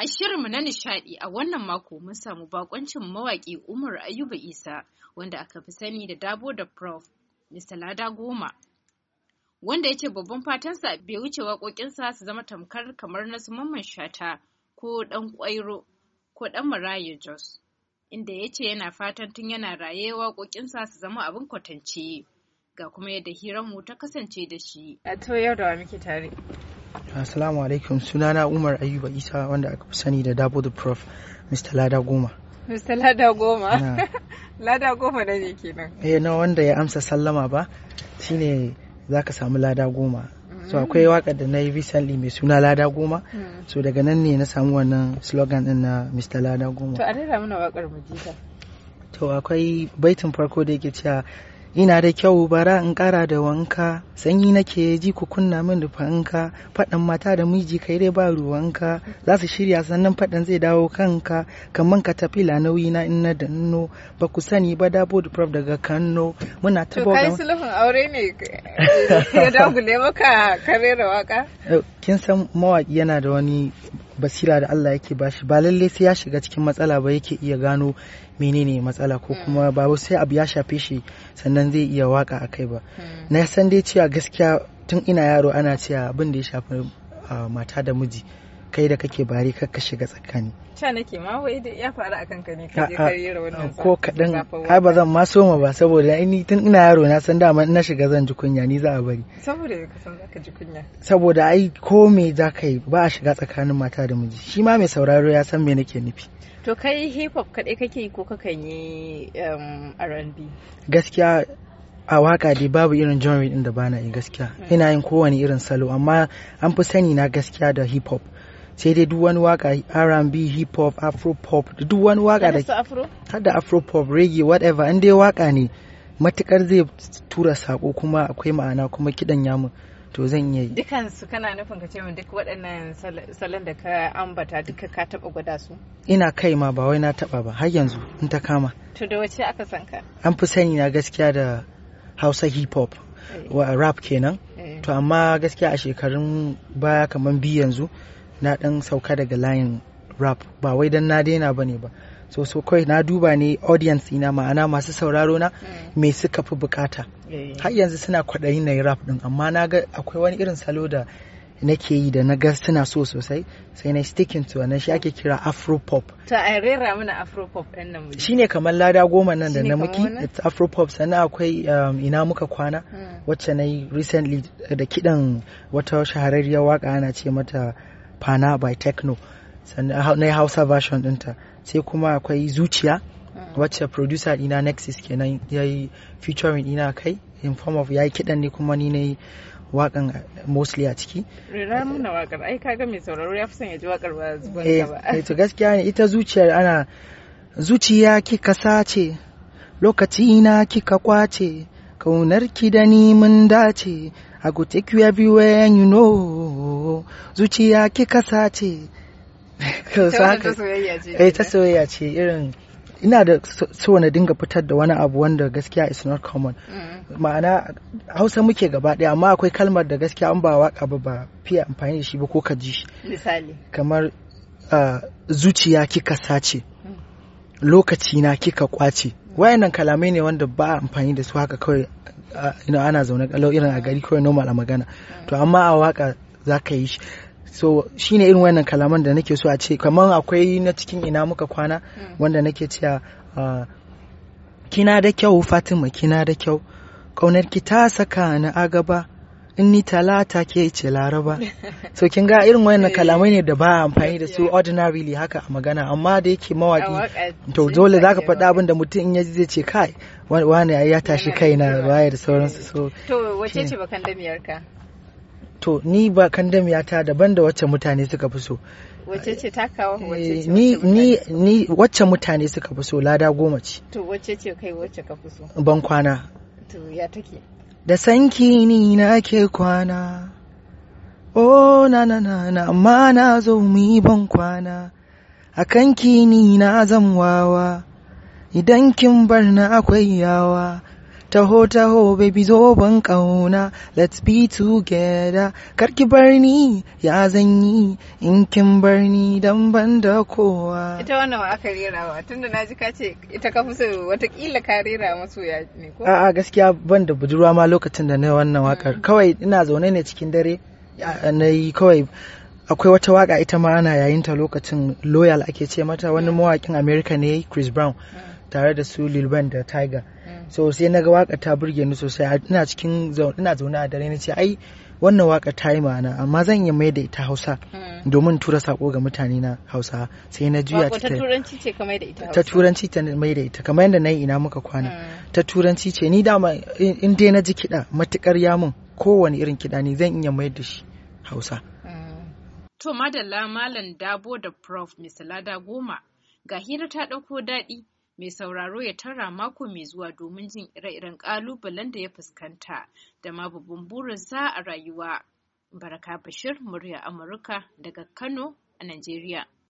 A shirinmu na nishaɗi a wannan mako mun samu bakoncin mawaƙi Umar Ayuba Isa wanda aka fi sani da Dabo da Prof. Mr. Lada Goma. Wanda ya ce babban fatansa bai wuce waƙoƙinsa su zama tamkar kamar na su mamman shata ko ɗan ƙwairo ko ɗan Maraya Jos. Inda ya ce yana fatan tun yana raye waƙoƙinsa su zama abin kwatance. Ga kuma yadda hiranmu ta kasance da shi. A to yau da wa muke tare. Assalamu alaikum sunana Umar Ayuba Isa wanda aka fi sani da Dabo the Prof Mr. Lada Goma. Mr. Lada Goma? Lada Goma da ne kenan. Eh na wanda ya amsa sallama ba shine za ka samu Lada Goma. So mm. akwai wakar da na yi recently mai suna Lada Goma. Mm. So daga nan ne na samu wannan slogan din na Mr. Lada Goma. To a daina mana wakar mu To akwai baitin farko da yake cewa ina da kyau bara in kara da wanka sanyi nake ji ku kunna min rufanka faɗan mata da miji kai dai ba ruwanka za su shirya sannan faɗan zai dawo kanka kaman ka tafi la nauyi na in na danno ba ku sani ba da da prof daga kanno muna ta kai sulhun aure ne ya dagule maka kare da waka kin san mawaki yana da wani basira da Allah yake bashi ba lalle sai ya shiga cikin matsala ba yake iya gano menene matsala ko hmm. kuma ba sai abu ya shafe shi sannan zai iya waka kai ba hmm. na san dai cewa gaskiya tun ina yaro ana cewa abin da ya shafi ah, mata da miji kai da kake bari kar ka shiga tsakani sha nake ma wai da ya faru akan ka ne ka je kariyar wannan ko kadan ai ba zan ma ma ba saboda ni tun ina yaro na san dama na shiga zan ji kunya ni za a bari saboda ka san zaka ji kunya saboda ai ko me za ka yi ba a shiga tsakanin mata da miji shi ma mai sauraro ya san me nake nufi to kai hip hop kadai kake yi ko kakan yi um, R&B gaskiya a waka dai babu irin genre din da bana yi gaskiya hmm. ina yin kowane irin salo amma an fi sani na gaskiya da hip hop sai dai duk wani waka R&B hip hop afro pop duk wani waka da har da afro pop reggae whatever in dai waka ne matukar zai tura sako kuma akwai ma'ana kuma kidan yamu to zan iya yi dukansu kana nufin ka ce min duk waɗannan salon da ka ambata duka ka taɓa gwada su ina kai ma ba wai na taɓa ba har yanzu in ta kama to da wace aka san ka an fi sani na gaskiya da hausa hip hop eh. wa rap kenan eh. to amma gaskiya a shekarun baya kaman bi yanzu na dan sauka daga layin rap ba wai dan na daina bane ba so so kawai na duba ne audience ina ma'ana masu sauraro na mm. me suka fi bukata eh. har yanzu suna kwaɗayin na rap din amma na ga akwai wani irin salo da nake yi da na ga suna so sosai sai na sticking to wannan shi ake kira afropop to a rera mana afropop ɗin nan shine kamar lada goma nan da na muki it's afropop sannan akwai um, ina muka kwana mm. wacce na yi recently da kidan wata shahararriyar waka ana ce mata fana by techno na yi hausa version dinta sai kuma akwai zuciya mm. wacce producer dina nexus kenan ya yi featuring dina kai in form of ya yi kiɗan ne kuma ni na yi wakan uh, mostly a ciki rera muna wakar ai kaga mai sauraro ya fi ji ba eh, ba eh, ita zuciyar ana zuciya kika sace lokaci na kika kwace kaunar ki da ni mun dace i go take you everywhere you know zuciya ki kasa ce ta eh, soyayya ce irin ina da so na dinga fitar da wani abu wanda gaskiya is not common mm. ma'ana hausa muke gaba daya amma akwai kalmar da gaskiya an ba waka ba ba fiye amfani da shi ba ko ka ji shi misali kamar ah, zuciya mm. kika sace lokaci na kika kwace wayannan kalamai ne wanda ba amfani da su haka kawai ah, ana zaune kalau irin a gari kawai normal a magana mm. to amma a waka za ka yi shi so shine irin wannan kalaman da nake so a ce kamar akwai na cikin ina muka kwana mm. wanda nake cewa ah, kina da kyau fatima kina da kyau kaunar ki ta saka ni agaba in ni talata ke ce laraba so kin ga irin wannan kalamai ne da ba amfani da su ordinarily haka a magana amma da yake mawaki to dole zaka faɗa abin da mutum in yaji zai ce kai wani ya tashi na baya da sauransu so to wace ce bakan damiyarka to ni ba kandam ya ta daban da wacce mutane suka fi so wacce ce ta kawo wacce ce eh, ni ni ni wacce mutane suka fi so lada goma ce to wacce ce kai wacce ka fi so ban kwana to ya take da sanki ni na ke kwana oh na na na na amma na zo mu yi ban kwana a kanki ni na zan wawa idan kin bar na akwai yawa taho taho baby zo ban kauna let's be together karki barni ya zanyi in kin barni dan ban da kowa ita wannan aka rera wa tunda naji ka ce ita ka wata kila ka rera masu ya ne ko a'a gaskiya ban da budurwa ma lokacin da na wannan wakar mm. kawai ina zaune ne cikin dare na yi kawai akwai wata waka ita ma ana yayin ta lokacin loyal ake ce mata wani mm. mawakin america ne chris brown mm. tare da su lil da tiger so sai na ga waka ta burge ni sosai ina cikin ina zaune a dare na ce ai wannan waka ta yi ma'ana amma zan iya mai da ita hausa hmm. domin tura sako ga mutane na hausa sai na juya ta turanci ce ka mai da ita ta turanci ta mai da ita kamar yadda na yi ina muka kwana hmm. ta turanci ce ni dama in dai na ji kiɗa matukar yamun kowane irin kiɗa ne zan iya mai da shi hausa hmm. to madalla malam dabo da prof misalada goma ga hira ta ɗauko daɗi mai sauraro ya tara mako mai zuwa domin jin ire-iren ƙalubalen da ya fuskanta da ma babban burinsa a rayuwa. Baraka Bashir, murya Amurka daga Kano a Najeriya.